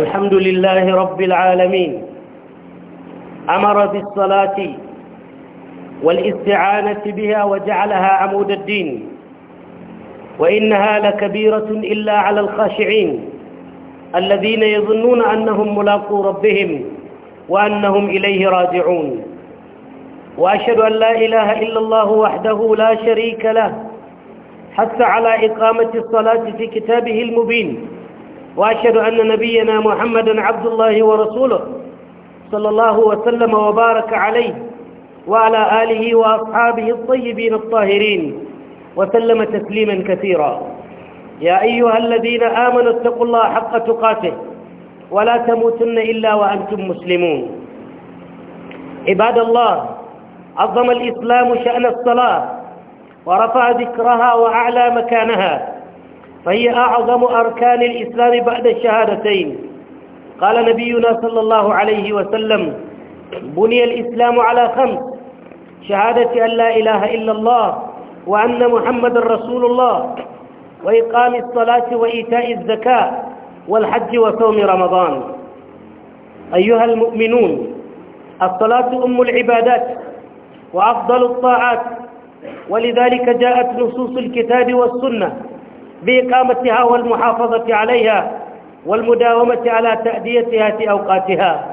الحمد لله رب العالمين أمر بالصلاة والاستعانة بها وجعلها عمود الدين وإنها لكبيرة إلا على الخاشعين الذين يظنون أنهم ملاقو ربهم وأنهم إليه راجعون وأشهد أن لا إله إلا الله وحده لا شريك له حث على إقامة الصلاة في كتابه المبين وأشهد أن نبينا محمدا عبد الله ورسوله صلى الله وسلم وبارك عليه وعلى آله وأصحابه الطيبين الطاهرين وسلم تسليما كثيرا يا أيها الذين آمنوا اتقوا الله حق تقاته ولا تموتن إلا وأنتم مسلمون عباد الله عظم الإسلام شأن الصلاة ورفع ذكرها وأعلى مكانها فهي أعظم أركان الإسلام بعد الشهادتين قال نبينا صلى الله عليه وسلم بني الإسلام على خمس شهادة أن لا إله إلا الله وأن محمد رسول الله وإقام الصلاة وإيتاء الزكاة والحج وصوم رمضان أيها المؤمنون الصلاة أم العبادات وأفضل الطاعات ولذلك جاءت نصوص الكتاب والسنة بإقامتها والمحافظة عليها والمداومة على تأديتها في أوقاتها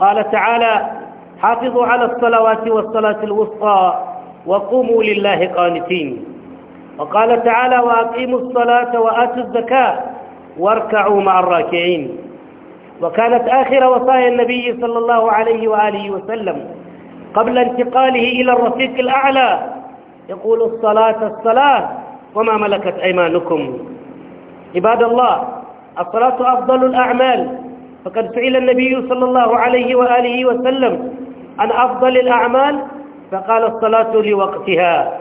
قال تعالى حافظوا على الصلوات والصلاة الوسطى وقوموا لله قانتين وقال تعالى وأقيموا الصلاة وآتوا الزكاة واركعوا مع الراكعين وكانت آخر وصايا النبي صلى الله عليه وآله وسلم قبل انتقاله إلى الرفيق الأعلى يقول الصلاة الصلاة وما ملكت أيمانكم عباد الله الصلاة أفضل الأعمال فقد سئل النبي صلى الله عليه وآله وسلم عن أفضل الأعمال فقال الصلاة لوقتها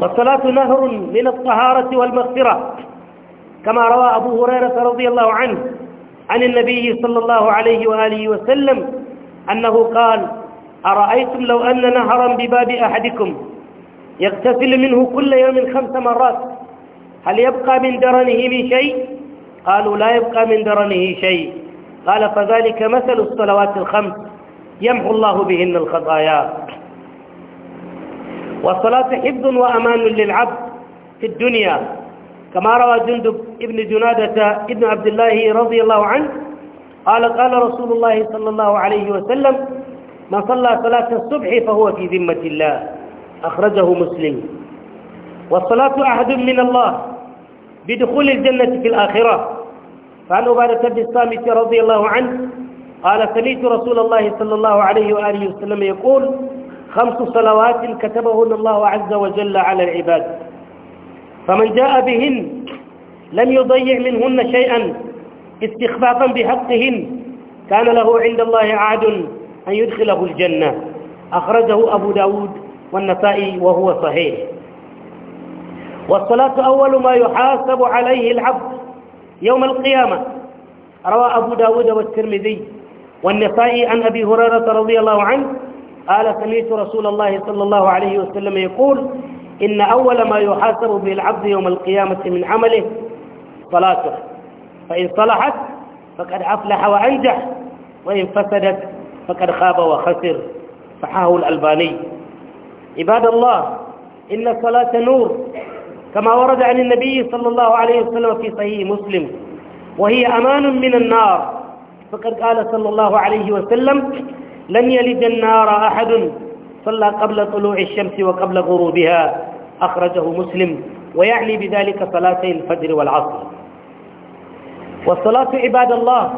والصلاة نهر من الطهارة والمغفرة كما روى أبو هريرة رضي الله عنه عن النبي صلى الله عليه وآله وسلم أنه قال أرأيتم لو أن نهرا بباب أحدكم يغتسل منه كل يوم خمس مرات هل يبقى من درنه من شيء قالوا لا يبقى من درنه شيء قال فذلك مثل الصلوات الخمس يمحو الله بهن الخطايا والصلاة حفظ وأمان للعبد في الدنيا كما روى جندب ابن جنادة ابن عبد الله رضي الله عنه قال قال رسول الله صلى الله عليه وسلم من صلى صلاة الصبح فهو في ذمة الله أخرجه مسلم والصلاة عهد من الله بدخول الجنة في الآخرة فعن عبادة بن الصامت رضي الله عنه قال سمعت رسول الله صلى الله عليه وآله وسلم يقول خمس صلوات كتبهن الله عز وجل على العباد فمن جاء بهن لم يضيع منهن شيئا استخفافا بحقهن كان له عند الله عاد أن يدخله الجنة أخرجه أبو داود والنسائي وهو صحيح والصلاة أول ما يحاسب عليه العبد يوم القيامة روى أبو داود والترمذي والنسائي عن أبي هريرة رضي الله عنه قال سمعت رسول الله صلى الله عليه وسلم يقول إن أول ما يحاسب به العبد يوم القيامة من عمله صلاته فإن صلحت فقد أفلح وأنجح وإن فسدت فقد خاب وخسر صححه الألباني عباد الله إن الصلاة نور كما ورد عن النبي صلى الله عليه وسلم في صحيح مسلم وهي أمان من النار فقد قال صلى الله عليه وسلم لن يلد النار أحد صلى قبل طلوع الشمس وقبل غروبها أخرجه مسلم ويعني بذلك صلاتي الفجر والعصر والصلاة عباد الله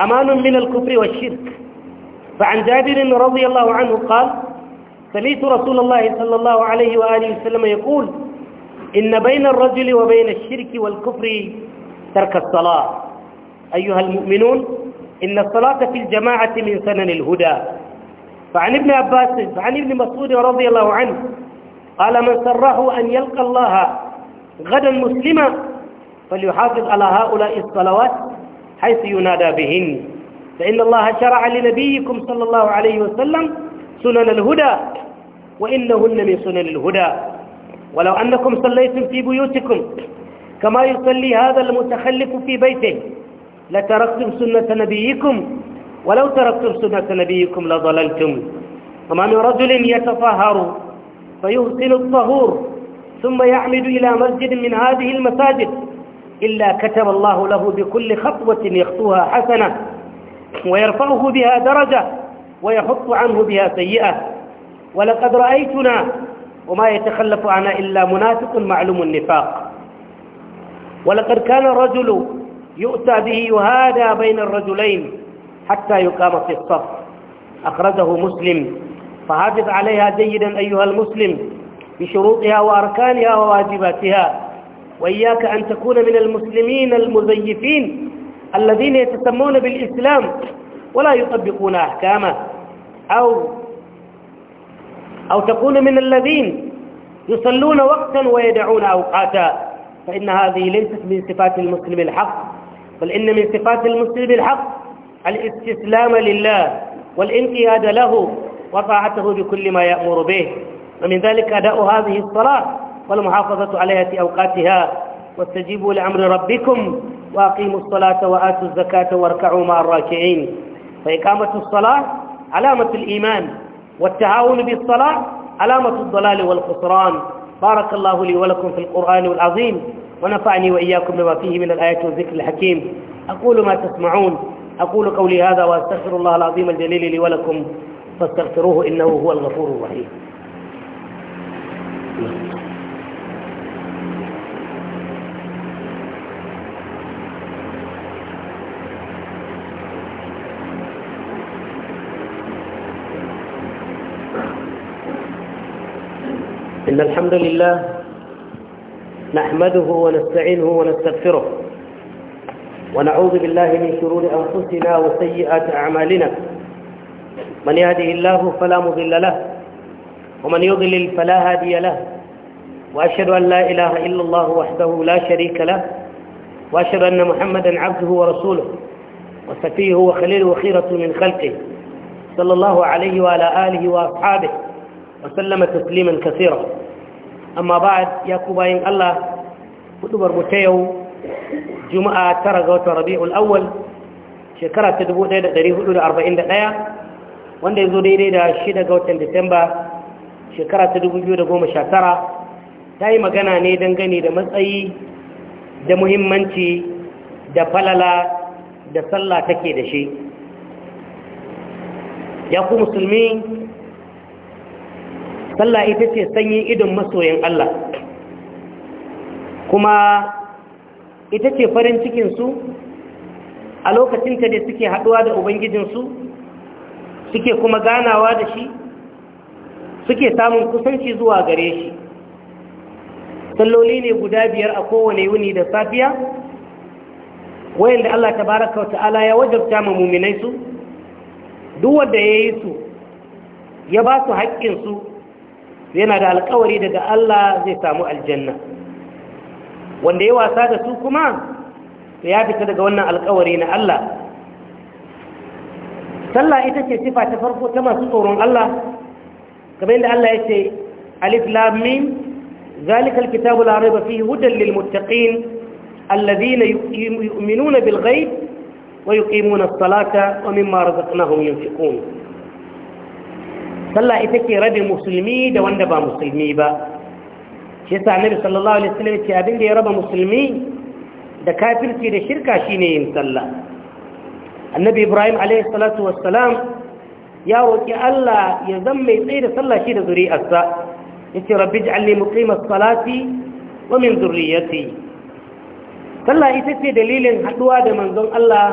أمان من الكفر والشرك فعن جابر رضي الله عنه قال سمعت رسول الله صلى الله عليه وآله وسلم يقول إن بين الرجل وبين الشرك والكفر ترك الصلاة أيها المؤمنون إن الصلاة في الجماعة من سنن الهدى فعن ابن عباس عن ابن مسعود رضي الله عنه قال من سره أن يلقى الله غدا مسلما فليحافظ على هؤلاء الصلوات حيث ينادى بهن فإن الله شرع لنبيكم صلى الله عليه وسلم سنن الهدى وإنهن من سنن الهدى ولو أنكم صليتم في بيوتكم كما يصلي هذا المتخلف في بيته لتركتم سنة نبيكم ولو تركتم سنة نبيكم لضللتم وما من رجل يتطهر فيغسل الطهور ثم يعمد إلى مسجد من هذه المساجد إلا كتب الله له بكل خطوة يخطوها حسنة ويرفعه بها درجة ويحط عنه بها سيئة ولقد رأيتنا وما يتخلف عنا إلا منافق معلوم النفاق ولقد كان الرجل يؤتى به يهادى بين الرجلين حتى يقام في الصف أخرجه مسلم فحافظ عليها جيدا أيها المسلم بشروطها وأركانها وواجباتها وإياك أن تكون من المسلمين المزيفين الذين يتسمون بالإسلام ولا يطبقون أحكامه أو أو تكون من الذين يصلون وقتا ويدعون أوقاتا فإن هذه ليست من صفات المسلم الحق بل إن من صفات المسلم الحق الاستسلام لله والانقياد له وطاعته بكل ما يأمر به ومن ذلك أداء هذه الصلاة والمحافظة عليها في أوقاتها واستجيبوا لأمر ربكم وأقيموا الصلاة وآتوا الزكاة واركعوا مع الراكعين فإقامة الصلاة علامة الإيمان والتعاون بالصلاه علامة الضلال والخسران بارك الله لي ولكم في القرآن العظيم ونفعني وإياكم بما فيه من الايات والذكر الحكيم أقول ما تسمعون أقول قولي هذا وأستغفر الله العظيم الجليل لي ولكم فاستغفروه إنه هو الغفور الرحيم الحمد لله نحمده ونستعينه ونستغفره ونعوذ بالله من شرور أنفسنا وسيئات أعمالنا من يهده الله فلا مضل له ومن يضلل فلا هادي له وأشهد أن لا إله إلا الله وحده لا شريك له وأشهد أن محمدا عبده ورسوله وسفيه وخليله خيرة من خلقه صلى الله عليه وعلى آله وأصحابه وسلم تسليما كثيرا amma ba ya ku bayan Allah hudubar mu ta yau juma'a tara ga watan rabi'ul awwal shekara ta 1441 wanda ya zo daidai da shida ga watan disamba shekara ta 2019 ta yi magana ne dangane da matsayi da muhimmanci da falala da sallah take da shi ya ku musulmi sallah ita ce sanyin idon masoyin Allah kuma ita ce farin cikinsu a lokacinta da suke haɗuwa da ubangijinsu suke kuma ganawa da shi suke samun kusanci zuwa gare shi salloli ne guda biyar a kowane wuni da safiya wayanda Allah ta wa ta'ala ya wajabta ma muminai su duk wanda ya yi su ya ba su haƙƙinsu yana da alkawari daga Allah zai samu aljanna wanda ya wasa da su kuma ya fita daga wannan alkawari na Allah sallah ita ce sifa ta farko ta masu tsoron Allah kamar yadda Allah ya ce alif lam mim zalikal kitabul arab raiba fihi hudan lil muttaqin alladhina yu'minuna bil ghaib wa yuqimuna as-salata wa mimma razaqnahum yunfiqun sallah ita ke rabin musulmi da wanda ba musulmi ba shi yasa annabi sallallahu alaihi wasallam ce abin da ya raba musulmi da kafirci da shirka shine yin sallah annabi ibrahim alaihi salatu wassalam ya roki Allah ya zama mai tsaye da sallah shi da zuri'arsa yace rabbi ij'alni muqimas salati wa min dhurriyyati sallah ita ce dalilin haduwa da manzon Allah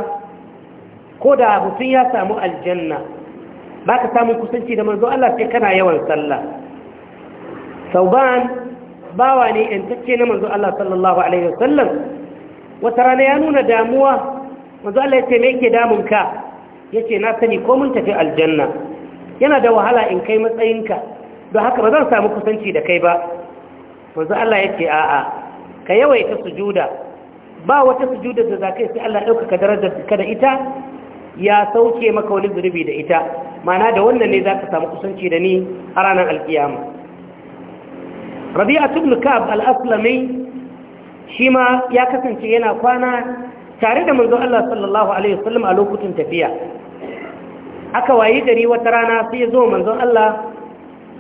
ko da mutum ya samu aljanna ba ka samun kusanci da manzo Allah sai kana yawan sallah sauban bawa ne yantacce na manzo Allah sallallahu alaihi wasallam wata rana ya nuna damuwa manzo Allah ya ce me yake damun ka yace na sani ko mun tafi aljanna yana da wahala in kai matsayinka don haka ba zan samu kusanci da kai ba manzo Allah yace a'a ka yawaita sujuda ba wata sujuda da zakai sai Allah dauka darajar ka da ita ya sauke maka wani zunubi da ita mana da wannan ne za ka samu kusanci da ni a ranar alkiyama rabi'a ibn ka'ab al-aslami shi ma ya kasance yana kwana tare da manzo Allah sallallahu alaihi wasallam a lokutan tafiya aka wayi gari wata rana sai ya zo manzo Allah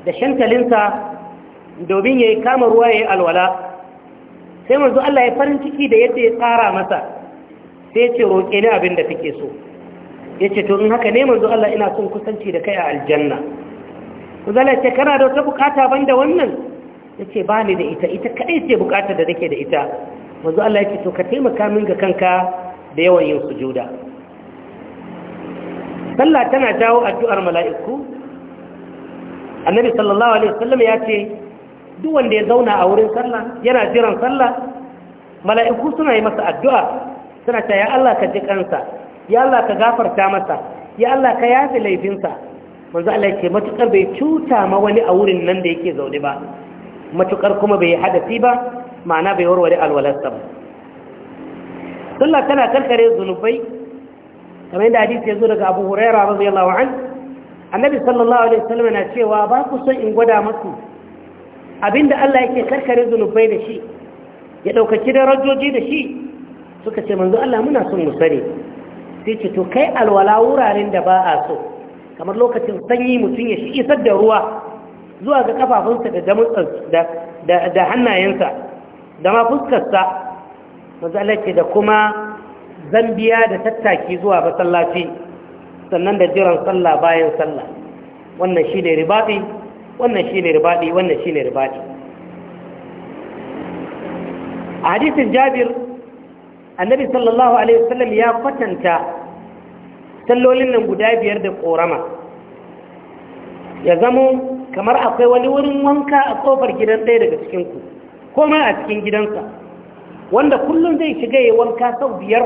da shantalinsa domin yayi kama ruwa yayi alwala sai manzo Allah ya farin ciki da yadda ya tsara masa sai ya ce roƙe ni abin da kake so ya ce in haka ne manzo Allah ina son kusanci da kai a aljanna zala ce kana da wata bukata da wannan yace ba ni da ita ita kadai ce bukata da nake da ita manzo Allah ce to ka taimaka min ga kanka da yawan yin sujuda sallah tana jawo addu'ar mala'iku annabi sallallahu alaihi wasallam ya ce duk wanda ya zauna a wurin sallah yana jiran sallah mala'iku suna yi masa addu'a suna ta ya Allah ka ji kansa ya Allah ka gafarta masa ya Allah ka yafi laifinsa manzo Allah yake matukar bai cuta ma wani a wurin nan da yake zaune ba matukar kuma bai hadasi ba ma'ana bai warware alwalarsa ba sallah tana karkare zunubai kamar yadda hadisi ya zo daga Abu Hurairah radiyallahu anhu annabi sallallahu alaihi wasallam na cewa ba ku son in gwada muku abinda Allah yake karkare zunubai da shi ya daukaki darajoji da shi suka ce manzo Allah muna son mu sani sai ce to kai alwala wuraren da ba a so kamar lokacin sanyi mutum ya shi isar da ruwa zuwa ga kafafunsa da hannayensa da ma fuskarsa mazalace da kuma zambiya da tattaki zuwa masallaci sannan da jiran sallah bayan sallah wannan shi ne ribadi wannan shi ne ribadi wannan shine ribadi a hadisin jabir annabi sallallahu alaihi wasallam ya kwatanta sallolin nan guda biyar da korama ya zamo kamar akwai wani wurin wanka a kofar gidan ɗaya daga cikinku ko ma a cikin gidansa wanda kullum zai shiga ya wanka sau biyar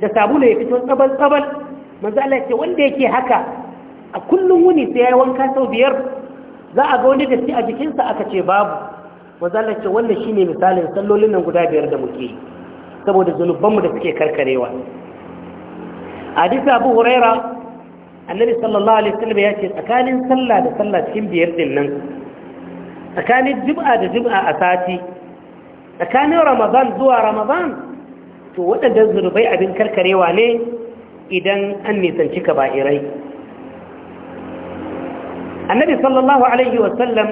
da sabulu ya fito tsabal-tsabal manzo ce wanda yake haka a kullum wuni sai ya wanka sau biyar za a ga wani datti a jikinsa aka ce babu manzo Allah ce shi shine misalin sallolin nan guda biyar da muke saboda zunubanmu da suke karkarewa hadisi abu huraira annabi sallallahu alaihi wasallam ya ce tsakanin sallah da sallah cikin biyar din nan tsakanin jib'a da jib'a a sati tsakanin ramadan zuwa ramadan to waɗanda zurbai abin karkarewa ne idan an nisanci kaba'irai annabi sallallahu alaihi wasallam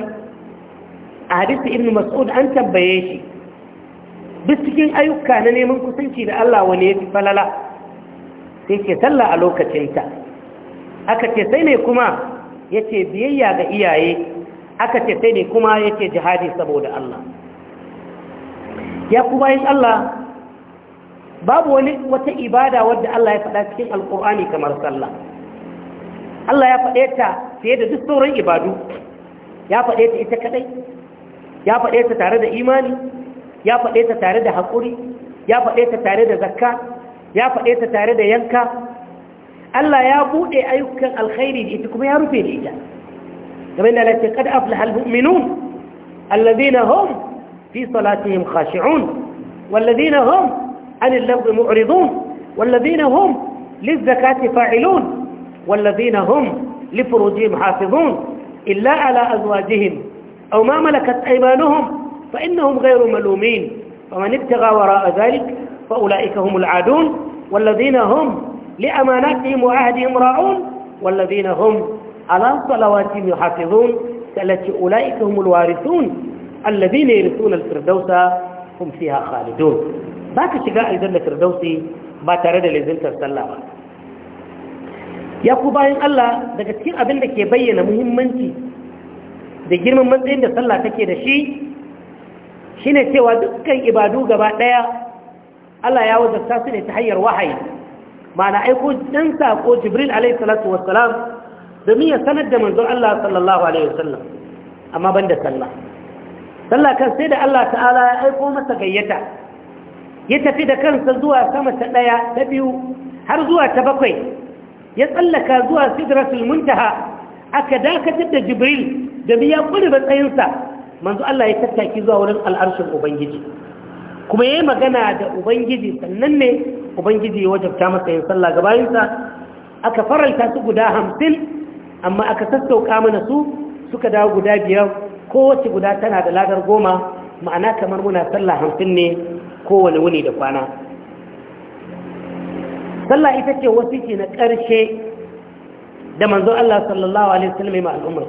a hadisi ibn mas'ud an tambaye shi duk ayyuka na neman kusanci da Allah wani ya fi falala sai ke sallah a lokacinta aka ce sai ne kuma yace biyayya ga iyaye aka ce sai ne kuma yace jihadi saboda Allah ya kuma yin Allah babu wani wata ibada wadda Allah ya faɗa cikin Alƙur'ani kamar sallah Allah ya faɗe ta fiye da duk sauran ibadu ya faɗe ta ita kaɗai ya faɗe ta tare da imani ya faɗe ta tare da haƙuri ya faɗe ta tare da zakka ya faɗe ta tare da yanka Allah ya buɗe ayyukan alkhairi da ita kuma ya rufe da ita game da lati kad aflaha almu'minun alladhina hum fi salatihim khashi'un walladhina hum anil lagwi mu'ridun walladhina hum lizakati fa'ilun walladhina hum لفروجهم حافظون إلا على أزواجهم أو ما ملكت أيمانهم فإنهم غير ملومين فمن ابتغى وراء ذلك فأولئك هم العادون والذين هم لأماناتهم وعهدهم راعون والذين هم على صلواتهم يحافظون التي أولئك هم الوارثون الذين يرثون الفردوس هم فيها خالدون باك شقاء إذن الفردوس ما ترد لزلت السلامة ya ku bayan Allah daga cikin abin da ke bayyana muhimmanci da girman matsayin da sallah take da shi shine cewa dukkan ibadu gaba ɗaya Allah ya wajabta su ne ta hanyar wahayi mana aiko dan sako Jibril alaihi salatu wassalam domin miya sanar da manzon Allah sallallahu alaihi wasallam amma banda sallah sallah kan sai da Allah ta'ala ya aiko masa gayyata ya tafi da kansa zuwa sama ta daya ta biyu har zuwa ta bakwai ya tsallaka zuwa sidratul muntaha aka dakatar da Jibril da biya kuri matsayinsa manzo Allah ya tattaki zuwa wurin al'arshin Ubangiji kuma ya yi magana da ubangiji sannan ne ubangiji ya wajabta masa yin sallah ga bayansa aka faranta su guda hamsin amma aka sassauka mana su suka dawo guda biyar kowace guda tana da ladar goma ma'ana kamar muna sallah hamsin ne kowane wuni da kwana sallah ita ce wasiki na ƙarshe da manzo Allah sallallahu alaihi wasallam ma al'ummar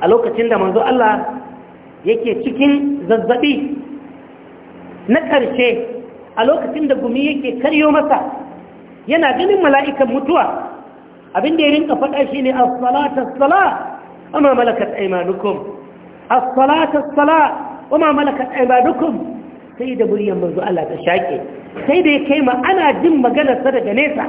a lokacin da manzo Allah yake cikin zazzaɓi. na ƙarshe a lokacin da gumi yake karyo masa yana ganin mala'ikan mutuwa abin da ya rinka faɗa shi ne as-salata amma malakat aimanukum as-salata amma malakat aimanukum sai da muryar manzo Allah ta shaƙe sai da ya kai ma ana jin maganarsa daga nesa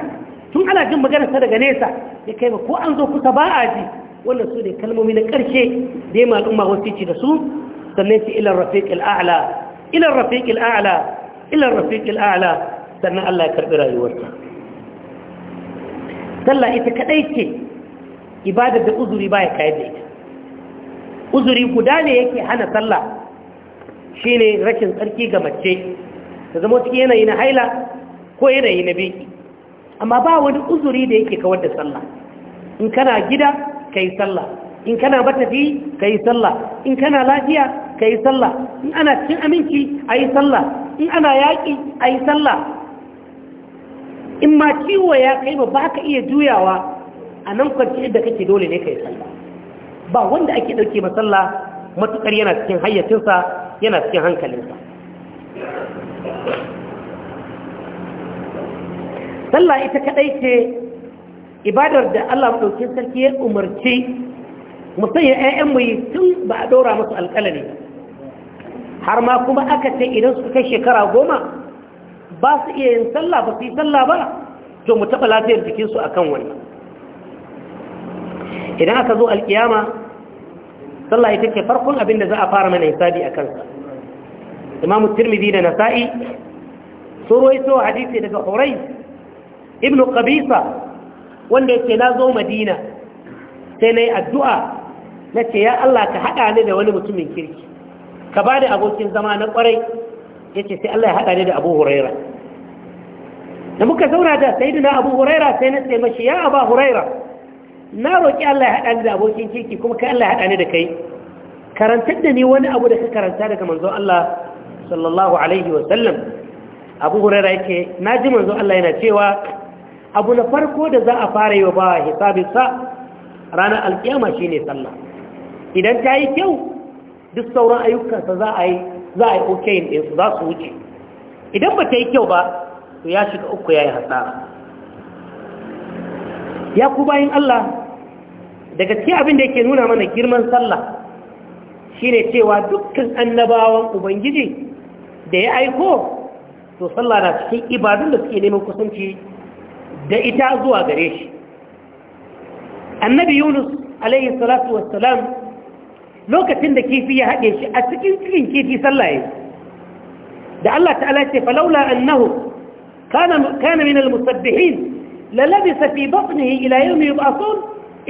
tun ana jin maganarsa daga nesa ya kai ma ko an zo kusa ba a ji wannan su ne kalmomi na ƙarshe da ya ma al'umma wasu ci da su sannan ci ilar rafiq al'a'la Ilan rafiƙil a'ala ilan rafiƙil a'ala sannan Allah ya karɓi rayuwarsa sallah ita kaɗai ce ibadar da uzuri ba ya kayar da ita uzuri guda ne yake hana sallah shi ne rashin tsarki ga mace ta zama cikin yanayi na haila ko yanayi na biki amma ba wani uzuri da yake kawar da sallah in kana gida ka yi sallah in kana matafi ka yi sallah in kana lafiya ka yi sallah in ana cin aminci a yi sallah in ana yaƙi a yi sallah in ma ciwo ya kai ba ba ka iya juyawa a nan kwanci inda kake dole ne ka yi sallah ba wanda ake ɗauke ba sallah matuƙar yana cikin hayyacinsa yana cikin hankalinsa sallah ita kaɗai ce ibadar da Allah ɗauke sarki ya umarci musayin ‘ya'yan mai tun ba a ɗora masu alƙalari har ma kuma aka ce idan su kai shekara goma ba su iya yin sallah ba su yi sallah ba to mu taɓa lafiyar jikinsu a kan idan aka zo alƙiyama sallah ita ce farkon abin da za a fara mana hisabi a kansa imamu tirmidhi da nasa'i sun roito hadisi daga Horai, ibnu qabisa wanda yake na zo madina sai na yi addu'a na ce ya Allah ka haɗa ni da wani mutumin kirki ka ba da abokin zama na kwarai ya ce sai Allah ya haɗa ne da abu huraira da muka zauna da sai na abu huraira sai na sai mashi ya aba huraira na roƙi Allah ya haɗa ni da abokin kirki kuma kai Allah ya haɗa ni da kai karantar da ni wani abu da ka karanta daga manzon Allah sallallahu alaihi wa sallam abu huraira yake na ji manzon Allah yana cewa abu na farko da za a fara yi wa ba hisabinsa ranar alkiyama shine sallah idan ta yi kyau duk sauran ayyukansa za a yi za a yi okayin ɗinsu za su wuce idan ba ta yi kyau ba to ya shiga uku ya yi hasara ya ku bayan Allah daga ce abin da yake nuna mana girman sallah shine cewa dukkan annabawan ubangiji da ya aiko to sallah na cikin ibadun da suke neman kusanci da ita zuwa gare shi annabi yunus alayhi salatu wassalam lokacin da kifi ya haɗe shi a cikin cikin kifi sallaye da Allah ta'ala ce falaula annahu kana kana min al-musabbihin la labisa fi batnihi ila yawmi yub'athun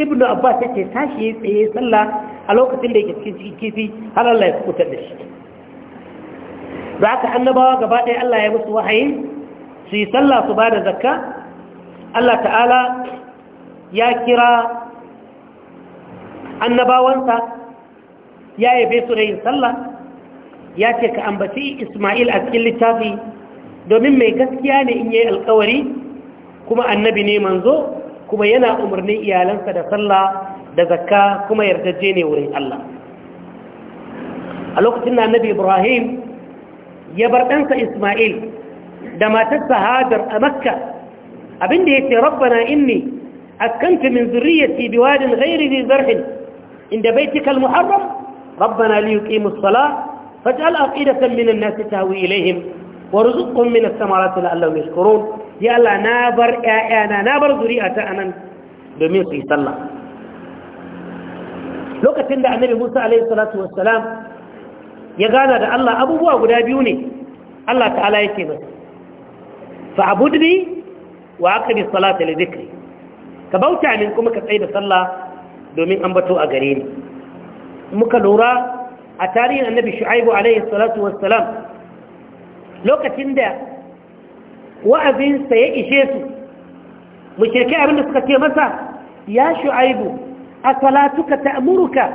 ibnu abbas yake tashi ya tsaye sallah a lokacin da yake cikin cikin kifi har Allah ya da shi zaka annabawa gaba ɗaya Allah ya musu wahayi su yi sallah su bada zakka Allah ta'ala ya kira annabawansa ya yabe su da yin sallah ya ce ka ambaci Ismail a cikin littafi domin mai gaskiya ne in yi alkawari kuma annabi ne manzo kuma yana umarnin iyalansa da sallah da zakka kuma yardaje ne wurin Allah a lokacin na annabi Ibrahim ya bar ɗansa Ismail da matarsa Hajar a Makka abinda yake rabbana inni أكنت من ذريتي بواد غير ذي inda عند بيتك المحرم ربنا ليقيموا الصلاة فاجعل أفئدة من الناس تهوي إليهم ورزقهم من الثمرات لعلهم يشكرون يا الله نابر آيانا نابر ذريئة أنا domin su sallah lokacin da annabi Musa alaihi salatu wassalam ya gana da Allah abubuwa guda biyu ne Allah ta'ala yake masa fa'budni wa aqimi salata li dhikri ka bauta kuma ka tsaya da sallah domin bato a gare ni muka lura a tarihin annabi shu'aibu alaihi salatu wassalam lokacin da wa'azinsa ya ishe su mushrikai abinda suka ce masa ya shu'aibu asalatuka ta'muruka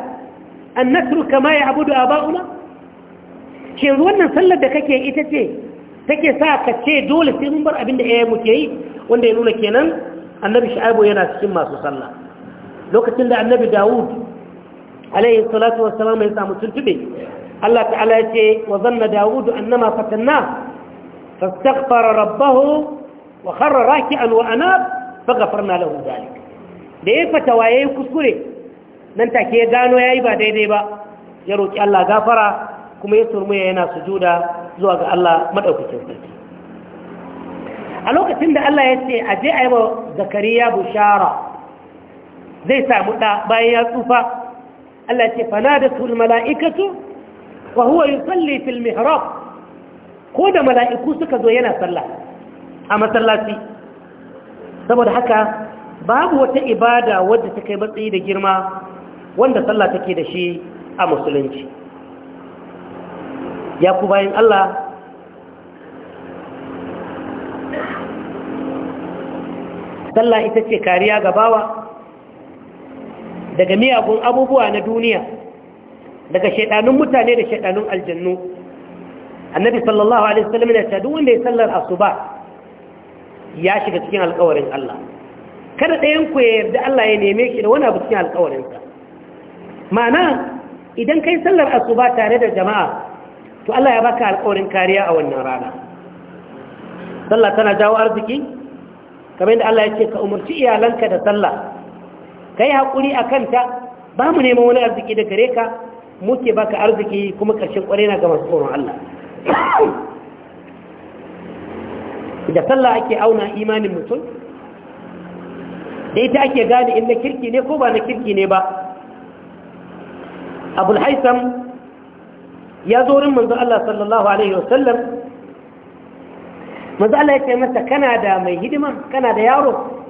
an nasruka ma abudu a bauna? yanzu wannan sallar da kake ita ce take sa ka ce dole sai mun bar da ya mu muke yi wanda ya nuna kenan annabi shu'aibu yana cikin masu sallah lokacin da annabi dawud alaihi salatu wassalam ya samu tuntube Allah ta'ala ya ce wa zanna dawud annama fatanna fastaghfara rabbahu wa kharra raki'an wa anab faghfarna lahu dhalik da ya fata waye kuskure nan take ya gano yayi ba daidai ba ya roki Allah gafara kuma ya surmuya yana sujuda zuwa ga Allah madaukakin sarki a lokacin da Allah ya ce a yi wa zakariya bushara zai samu da bayan ya tsufa Allah ce fanadatu almala'ikatu wa huwa yusalli fil mihrab ko da mala'iku suka zo yana sallah a masallaci saboda haka babu wata ibada wadda ta kai matsayi da girma wanda sallah take da shi a musulunci ya ku bayan Allah sallah ita ce kariya ga bawa daga miyagun abubuwa na duniya daga shaidanun mutane da shaidanun aljannu annabi sallallahu alaihi wasallam ya ce duk wanda ya sallar asuba ya shiga cikin alƙawarin Allah kada ɗayan ku ya yarda Allah ya neme shi da wani abu cikin sa, ma'ana idan kai sallar asuba tare da jama'a to Allah ya baka alƙawarin kariya a wannan rana sallah tana jawo arziki kamar yadda Allah ya ce ka umarci iyalanka da sallah ka yi haƙuri a kanta ba mu neman wani arziki da gare ka muke baka arziki kuma ƙarshen ƙwarai na ga masu tsoron Allah da sallah ake auna imanin mutum da ita ake gane in na kirki ne ko ba na kirki ne ba abul haisam ya zo rin manzo Allah sallallahu alaihi wasallam manzo Allah ya ce masa kana da mai hidima kana da yaro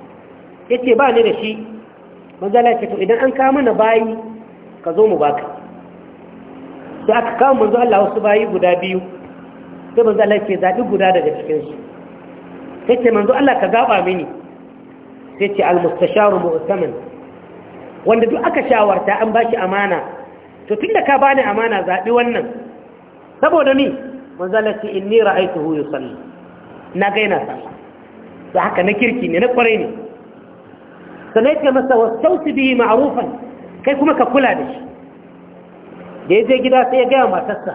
yace ba ni da shi manzala ce to idan an kawo mana bayi ka zo mu baka sai aka kawo manzo Allah wasu bayi guda biyu sai manzo Allah ke zaɓi guda daga cikin su sai ce manzo Allah ka zaɓa mini sai ce al-mustasharu mu'tamin wanda duk aka shawarta an bashi amana to tunda ka bani amana zaɓi wannan saboda ni manzo Allah ce inni ra'aytuhu yusalli na ga yana sallah da haka na kirki ne na kwarai ne sannan yake masa wasauti bihi ma'rufan kai kuma ka kula da shi da ya je gida sai ya gaya matarsa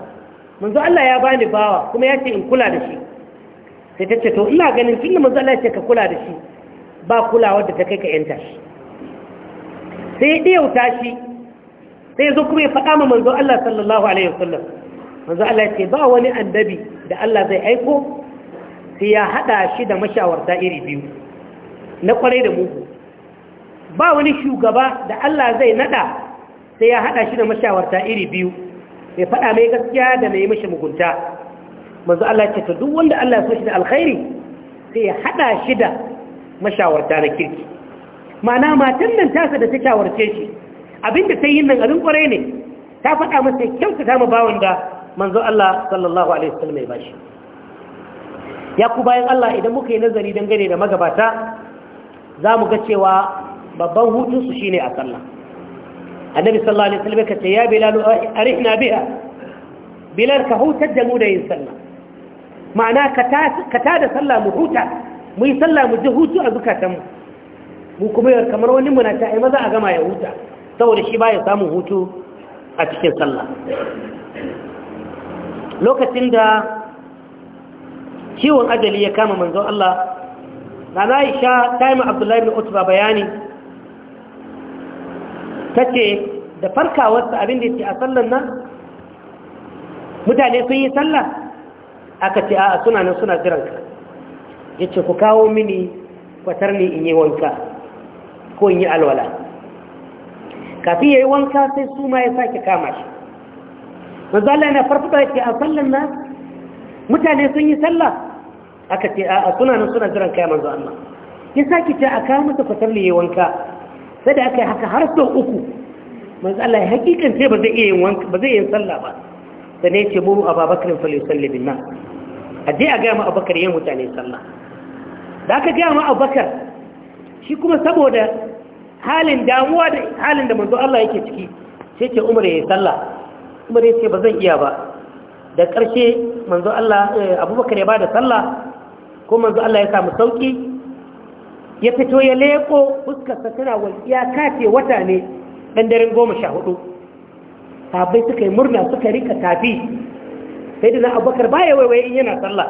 manzo Allah ya bani bawa kuma ya ce in kula da shi sai ta ce to ina ganin da manzo Allah ya ce ka kula da shi ba kulawar da ta kai ka yanta shi sai ya ta shi sai ya zo kuma ya faɗa ma manzo Allah sallallahu alaihi wasallam manzo Allah ya ce ba wani annabi da Allah zai aiko sai ya haɗa shi da mashawarta iri biyu na kwarai da mugu ba wani shugaba da Allah zai nada sai ya hada shi da mashawarta iri biyu mai fada mai gaskiya da mai mishi mugunta manzo Allah ce to duk wanda Allah ya so shi da alkhairi sai ya hada shi da mashawarta na kirki ma'ana matan nan tasa da ta shawarce shi abinda ta yi nan abin kwarai ne ta faɗa masa kyautata ma bawon da manzo Allah sallallahu alaihi wasallam ya bashi ya ku bayan Allah idan muka yi nazari dangane da magabata za mu ga cewa babban hutunsu shi ne a sallah annabi sallallahu alaihi wasallam kace ya bilal arihna biha bilal ka hutar da mu da yin sallah ma'ana ka ta da sallah mu huta mu yi sallah mu ji hutu a zukatanmu mu Mu kuma yau kamar wani muna ta ai maza a gama ya huta saboda shi ba ya samun hutu a cikin sallah lokacin da ciwon ajali ya kama manzon Allah na Aisha ta yi ma Abdullahi bin Utba bayani ce da farkawarsa abin da ya ce a sallan nan mutane sun yi sallah aka ce a'a suna nan suna jiran ka ce ku kawo mini kwatar ne in yi wanka ko in yi alwala kafin ya yi wanka sai su ma ya sake kama shi mazala Allah farfuta ya ce a sallan nan mutane sun yi sallah aka ce a'a suna nan suna jiran ya manzo Allah ya sake ce a kawo masa kwatar ya yi wanka sai da aka yi haka har sau uku manzu Allah ya hakikan sai ba zai iya yin wanka ba zai yin sallah ba da ne ce muru ababakar fa li salli bin a aje a gaya ma abubakar yin mutane sallah da aka gaya ma abubakar shi kuma saboda halin damuwa da halin da manzu Allah yake ciki sai ce umar ya yi sallah umar ya ce ba zan iya ba da ƙarshe manzu Allah eh, abubakar ya ba da sallah ko manzu Allah ya samu sauƙi ya fito ya leko fuskarsa tana walƙiya kace wata ne ɗan daren goma sha hudu sabai suka yi murna suka rika tafi sai da abubakar baya waiwaye in yana sallah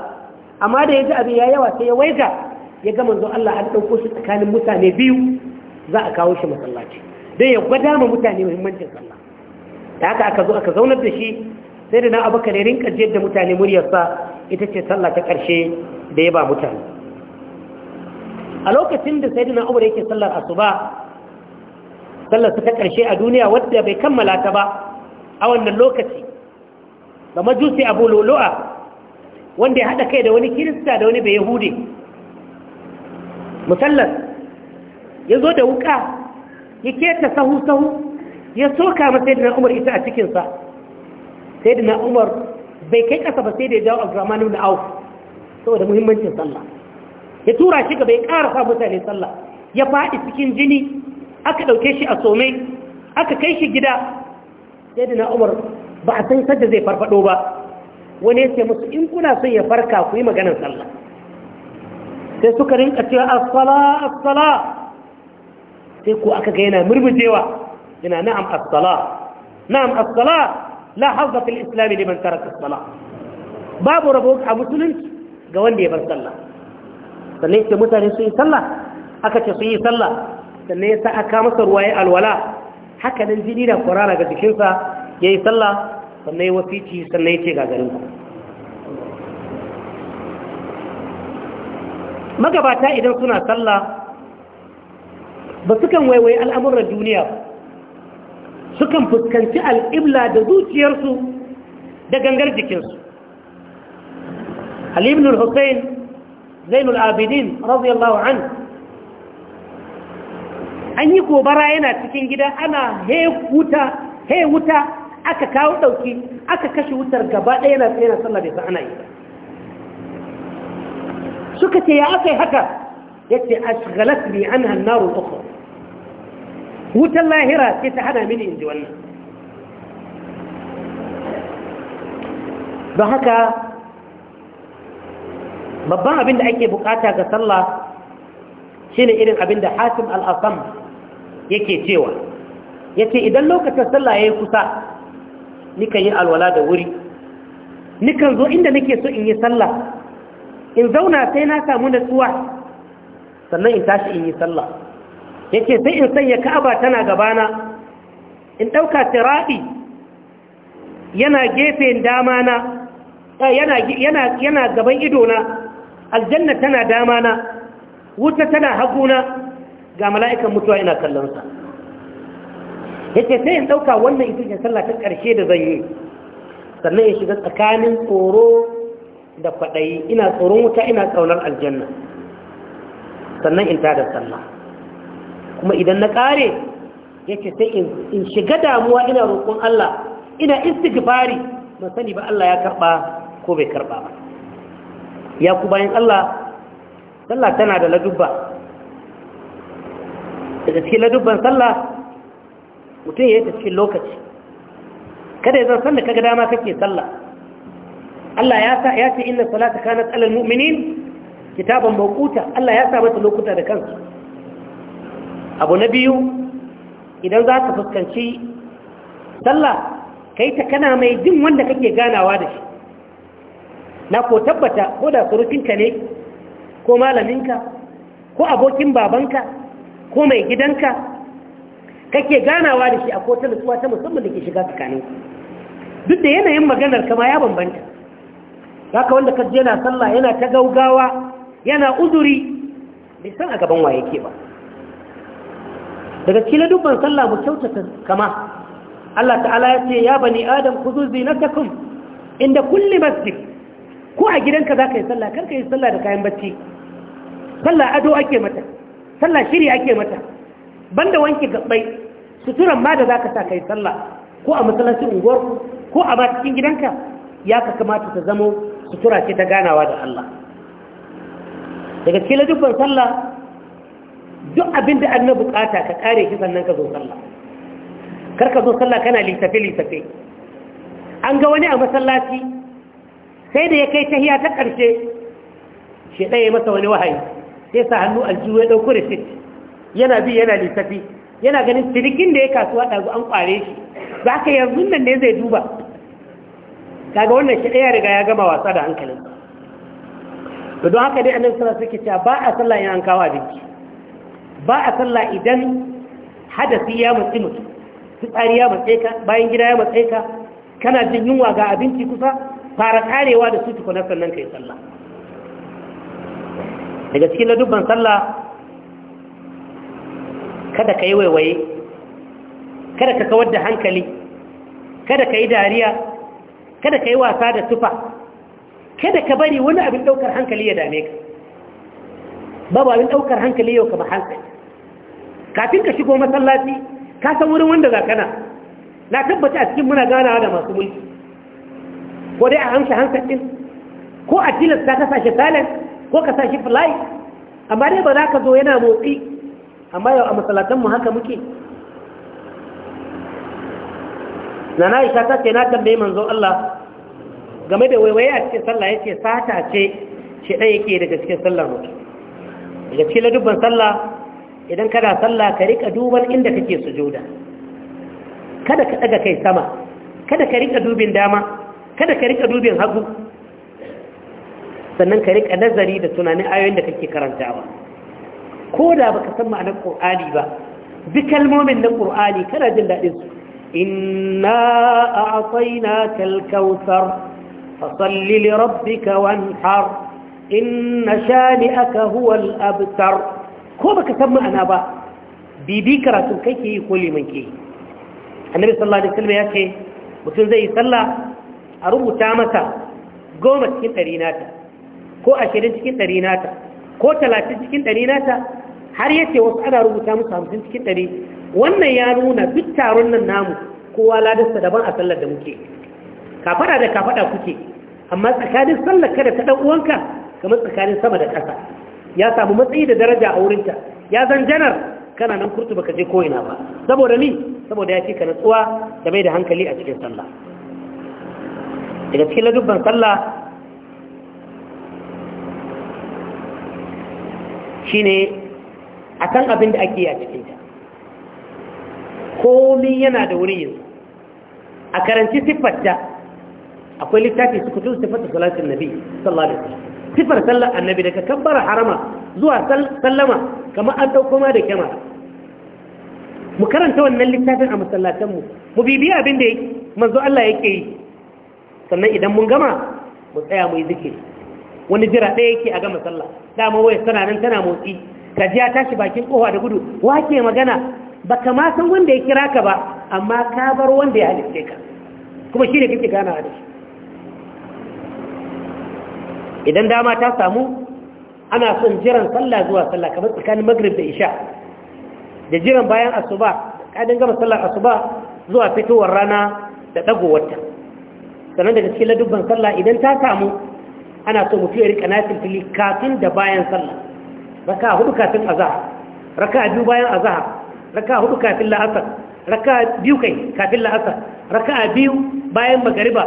amma da ya ji abin ya yawa sai ya waiga ya ga manzo Allah an ɗauko shi tsakanin mutane biyu za a kawo shi masallaci don ya gwada ma mutane muhimmancin sallah da haka aka zo aka zaunar da shi sai da na abubakar ya rinka jiyar da mutane muryarsa ita ce sallah ta ƙarshe da ya ba mutane a lokacin da sayyidina Umar yake sallar asuba sallar ta ƙarshe a duniya wadda bai kammala ta ba a wannan lokaci da majusi Abu Lulu'a wanda ya haɗa kai da wani Kirista da wani bai hude. musallas ya zo da wuka ya keta sahu sahu ya soka masai dina Umar ita a cikinsa. sai dina Umar bai kai ƙasa ba sai da ya jawo Abdurrahman ibn auku saboda muhimmancin sallah ya tura shi gaba ya ƙarasa mutane sallah ya faɗi cikin jini aka ɗauke shi a some aka kai shi gida sai na umar ba a san sadda zai farfado ba wani ya ce musu in kuna son ya farka ku yi maganar sallah sai suka rinka cewa Asala Asala. sai ku aka ga yana murmujewa yana na'am Asala. na'am Asala. la hazza fil islam liman taraka as-salah babu rabo a musulunci ga wanda ya bar sallah sannan ce mutane su yi sallah aka ce su yi sallah sannan yasa aka masa ruwa ya alwala haka nan jini da kwarara ga jikinsa ya yi sallah sannan ya wasici sannan ya ce ga garin ku magabata idan suna sallah ba sukan waiwai al'amuran duniya sukan fuskanci al'ibla da zuciyarsu da gangar jikinsu halibnul hussein زين العابدين رضي الله عنه أن يكون براينا تكين جدا أنا هي وطا هي وطا أكا كاو توكي أكا كشي وطر قبات لينا فينا صلى الله عليه وسلم سكتي يا أخي هكا يتي أشغلتني عنها النار الأخرى وطا هرا تتحنى مني انجوانا بهكا babban abin da ake bukata ga sallah shine irin abin da hatim al yake cewa Ya ce idan lokacin sallah ya yi kusa nikan yi alwala da wuri nikan zo inda nake so in yi sallah in zauna sai na samu natsuwa sannan in tashi in yi sallah Ya ce sai in sanya ka'aba tana gabana in ɗauka tiraɗi yana gefen damana, yana gaban idona aljanna tana dama na wuta tana haguna ga mala'ikan mutuwa ina kallonsa yake sai in ɗauka wannan ita ce sallah ta ƙarshe da zan yi sannan ya shiga tsakanin tsoro da kwaɗayi ina tsoron wuta ina tsaunar aljanna sannan in da sallah kuma idan na ƙare yake sai in shiga damuwa ina roƙon Allah ina istighfari ban sani ba Allah ya karɓa ko bai karɓa ba ya ku bayan Allah sallah tana da ladubba daga cikin ladubban sallah mutum ya yi ta cikin lokaci kada ya zan sanda kaga dama kake sallah Allah ya sa ya ce inna salata kanat alal mu'minin kitaban mawquta Allah ya sa mata lokuta da kansu abu na biyu idan za ka fuskanci sallah kai ta kana mai jin wanda kake ganawa da shi na ko tabbata ko da surukinka ne ko malaminka ko abokin babanka ko mai gidanka kake ganawa da shi a kotar nutsuwa ta musamman da ke shiga tsakanin duk da yanayin maganar kama ya bambanta ka wanda ka je yana sallah yana ta gaugawa yana uzuri bai san a gaban waye ke ba daga cikin dubban sallah mu kyautata kama Allah ta'ala ya ce ya bani adam na zinatakum inda kulli masjid ko a gidanka za ka yi sallah karka yi sallah da kayan bacci sallah ado ake mata sallah shiri ake mata banda wanke gabbai suturan ma da za ka sa ka yi sallah ko a masallacin unguwar ko a ba cikin gidanka ya ka kamata ta zamo sutura ce ta ganawa da Allah daga cikin dubban sallah duk abin da an bukata ka kare shi sannan ka zo sallah kar ka zo sallah kana littafe littafe an ga wani a masallaci sai da ya kai ta hiya ta ƙarshe shi ɗaya masa wani wahayi sai sa hannu aljihu ya ɗauko receipt yana bi yana lissafi yana ganin cinikin da ya kasuwa ɗagu an ƙware shi za ka yanzu nan ne zai duba Daga wannan shi ɗaya riga ya gama wasa da hankalin da don haka dai annabi sana suke cewa ba a sallah in an kawo abinci ba a sallah idan hadasi ya matsi mutu fitsari ya matse ka bayan gida ya matse ka kana jin yunwa ga abinci kusa fara karewa da su tukuna sannan kai sallah daga cikin ladubban sallah kada ka yi waiwaye kada ka kawar da hankali kada ka yi dariya kada ka yi wasa da tufa kada ka bari wani abin daukar hankali ya dame ka babu abin daukar hankali yau kama hankali kafin ka shigo masallaci ka san wurin wanda za kana na tabbata a cikin muna ganawa da masu mulki ko dai a hamshe hankalin, din ko a tilasta ka sashi talent ko ka sashi fly amma dai ba za ka zo yana motsi amma yau a matsalatanmu haka muke na na shata ta ce na tambayi manzo Allah game da waiwaye a cikin sallah ya ce sata ce shi ɗaya yake daga cikin sallah mutu daga cikin ladubban sallah idan kana sallah ka riƙa duban inda kake sujuda kada ka ɗaga kai sama kada ka riƙa dubin dama kada ka rika dubin hagu sannan ka rika nazari da tunanin ayoyin da kake karantawa ko da baka san ma'anar qur'ani ba duk kalmomin na qur'ani kana jin dadin su inna a'tainaka al-kautsar fasalli li rabbika wanhar inna shani'aka huwa al-abtar ko baka san ma'ana ba bibi karatu kake yi ko liman ke annabi sallallahu alaihi wasallam ya ce mutum zai yi sallah a rubuta masa goma cikin ɗari nata ko ashirin cikin ɗari nata ko talatin cikin ɗari nata har yake wasu ana rubuta musu hamsin cikin ɗari wannan ya nuna duk taron nan namu kowa ladarsa daban a sallar da muke kafaɗa da kafaɗa kuke amma tsakanin sallar kada ta ɗan uwanka kamar tsakanin sama da ƙasa ya samu matsayi da daraja a wurinta ya zan janar kana nan kurtu baka je ko ko'ina ba saboda ni saboda ya ce ka natsuwa da bai da hankali a cikin sallah daga cikin ladubban sallah shi ne a kan abin da ake yi a cikin ta komi yana da wuri yanzu a karanci siffarta akwai littafi su kutu siffarta salatin nabi sallah da su siffar sallar annabi daga kabbar harama zuwa sallama kamar an dauko ma da kyamara mu karanta wannan littafin a masallatanmu mu bibiya abin da manzo Allah yake yi sannan idan mun gama mu tsaya mu yi zikiri wani jira ɗaya yake a gama sallah dama waya tana nan tana motsi ta ji ya tashi bakin kowa da gudu wake magana baka ma san wanda ya kira ka ba amma ka bar wanda ya halitta ka kuma shi ne kake gana da shi idan dama ta samu ana son jiran sallah zuwa sallah kamar tsakanin magrib da isha da jiran bayan asuba kadin gama sallar asuba zuwa fitowar rana da ta sannan daga cikin ladubban sallah idan ta samu ana so mutum ya rika nafil fili kafin da bayan sallah raka hudu kafin azhar raka biyu bayan azhar raka hudu kafin la'asar raka biyu kai kafin la'asar raka biyu bayan magariba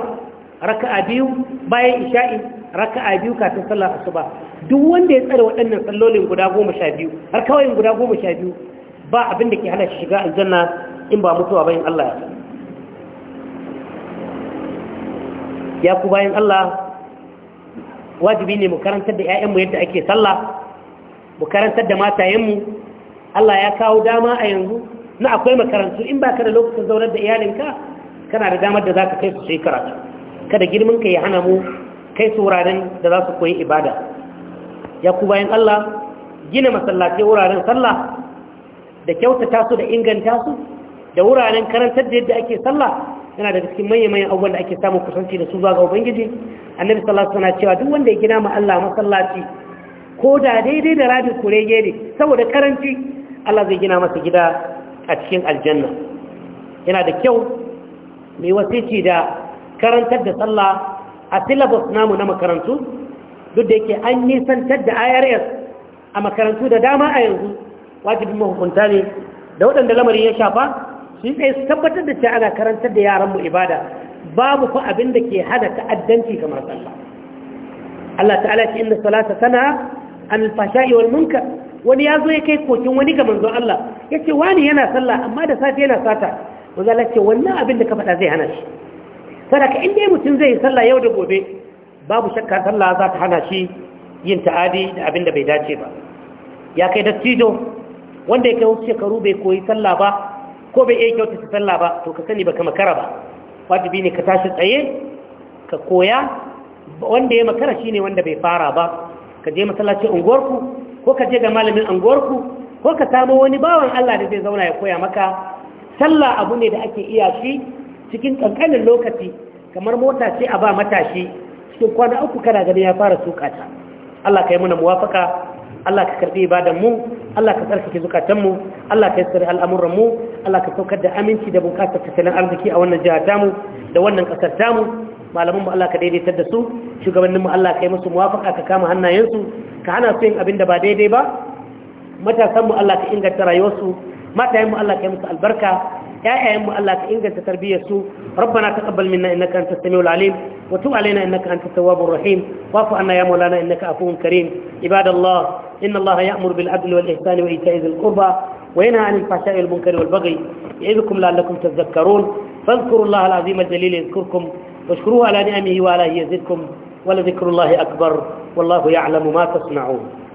raka biyu bayan isha'i raka biyu kafin sallah asuba duk wanda ya tsare waɗannan sallolin guda goma sha biyu har kawai guda goma sha biyu ba abin da ke hana shiga aljanna in ba mutuwa bayan Allah ya san. ya ku bayan Allah wajibi ne mu karantar da 'ya'yanmu yadda ake sallah mu karantar da matayenmu Allah ya kawo dama a yanzu na akwai makarantu in ba ka da lokacin zaunar da iyalinka kana da damar da za ka kai su sai karatu kada girman ka ya hana mu kai su wuraren da za su koyi ibada ya ku bayan Allah gina masallatai wuraren sallah da kyautata su da inganta su da wuraren karantar da yadda ake sallah yana daga cikin manyan manyan abubuwan da ake samu kusanci da su zuwa ga ubangiji annabi sallallahu alaihi cewa duk wanda ya gina ma Allah masallaci ko da daidai da rabin kurege ne saboda karanci Allah zai gina masa gida a cikin aljanna yana da kyau mai wasici da karantar da sallah a syllabus namu na makarantu duk da yake an nisantar da IRS a makarantu da dama a yanzu wajibin mahukunta ne da waɗanda lamarin ya shafa su yi su tabbatar da cewa ana karantar da yaranmu ibada babu fa abin da ke hana ta'addanci kamar sallah Allah ta'ala ce inna salata tana an fasha'i wal wani ya zo ya kai kokin wani ga manzon Allah ya ce wani yana sallah amma da safe yana sata manzon Allah ce wannan abin da ka faɗa zai hana shi sadaka in dai mutum zai yi sallah yau da gobe babu shakka sallah za ta hana shi yin ta'adi da abin da bai dace ba ya kai dattijo wanda ya kai shekaru bai koyi sallah ba ko bai iya kyautata sallah ba to ka sani baka makara ba wajibi ne ka tashi tsaye ka koya wanda ya makara shine wanda bai fara ba ka je masallaci unguwarku ko ka je ga malamin unguwarku ko ka samu wani bawan Allah da zai zauna ya koya maka sallah abu ne da ake iya shi cikin kankanin lokaci kamar mota ce a ba matashi cikin kwana uku kana gani ya fara tuka ta Allah kai muna muwafaka Allah ka karbi ibadan mu Allah ka tsarkake zukatan mu Allah ka yassara al'amuran mu Allah ka saukar da aminci da bukatar tattalin arziki a wannan jihar tamu da wannan kasar tamu malaman mu Allah ka daidaitar da su shugabannin mu Allah ka yi musu muwafaka ka kama hannayensu ka hana su yin abin da ba daidai ba matasan mu Allah ka inganta rayuwarsu mata mu Allah ka yi musu albarka ايام الله تنجز تربية سوء ربنا تقبل منا انك انت السميع العليم وتوب علينا انك انت التواب الرحيم وافو عنا يا مولانا انك عفو كريم عباد الله ان الله يأمر بالعدل والاحسان وايتاء ذي القربى وينهى عن الفحشاء والمنكر والبغي يعظكم لعلكم تذكرون فاذكروا الله العظيم الجليل يذكركم واشكروه على نعمه وعلى يزدكم ولذكر الله اكبر والله يعلم ما تصنعون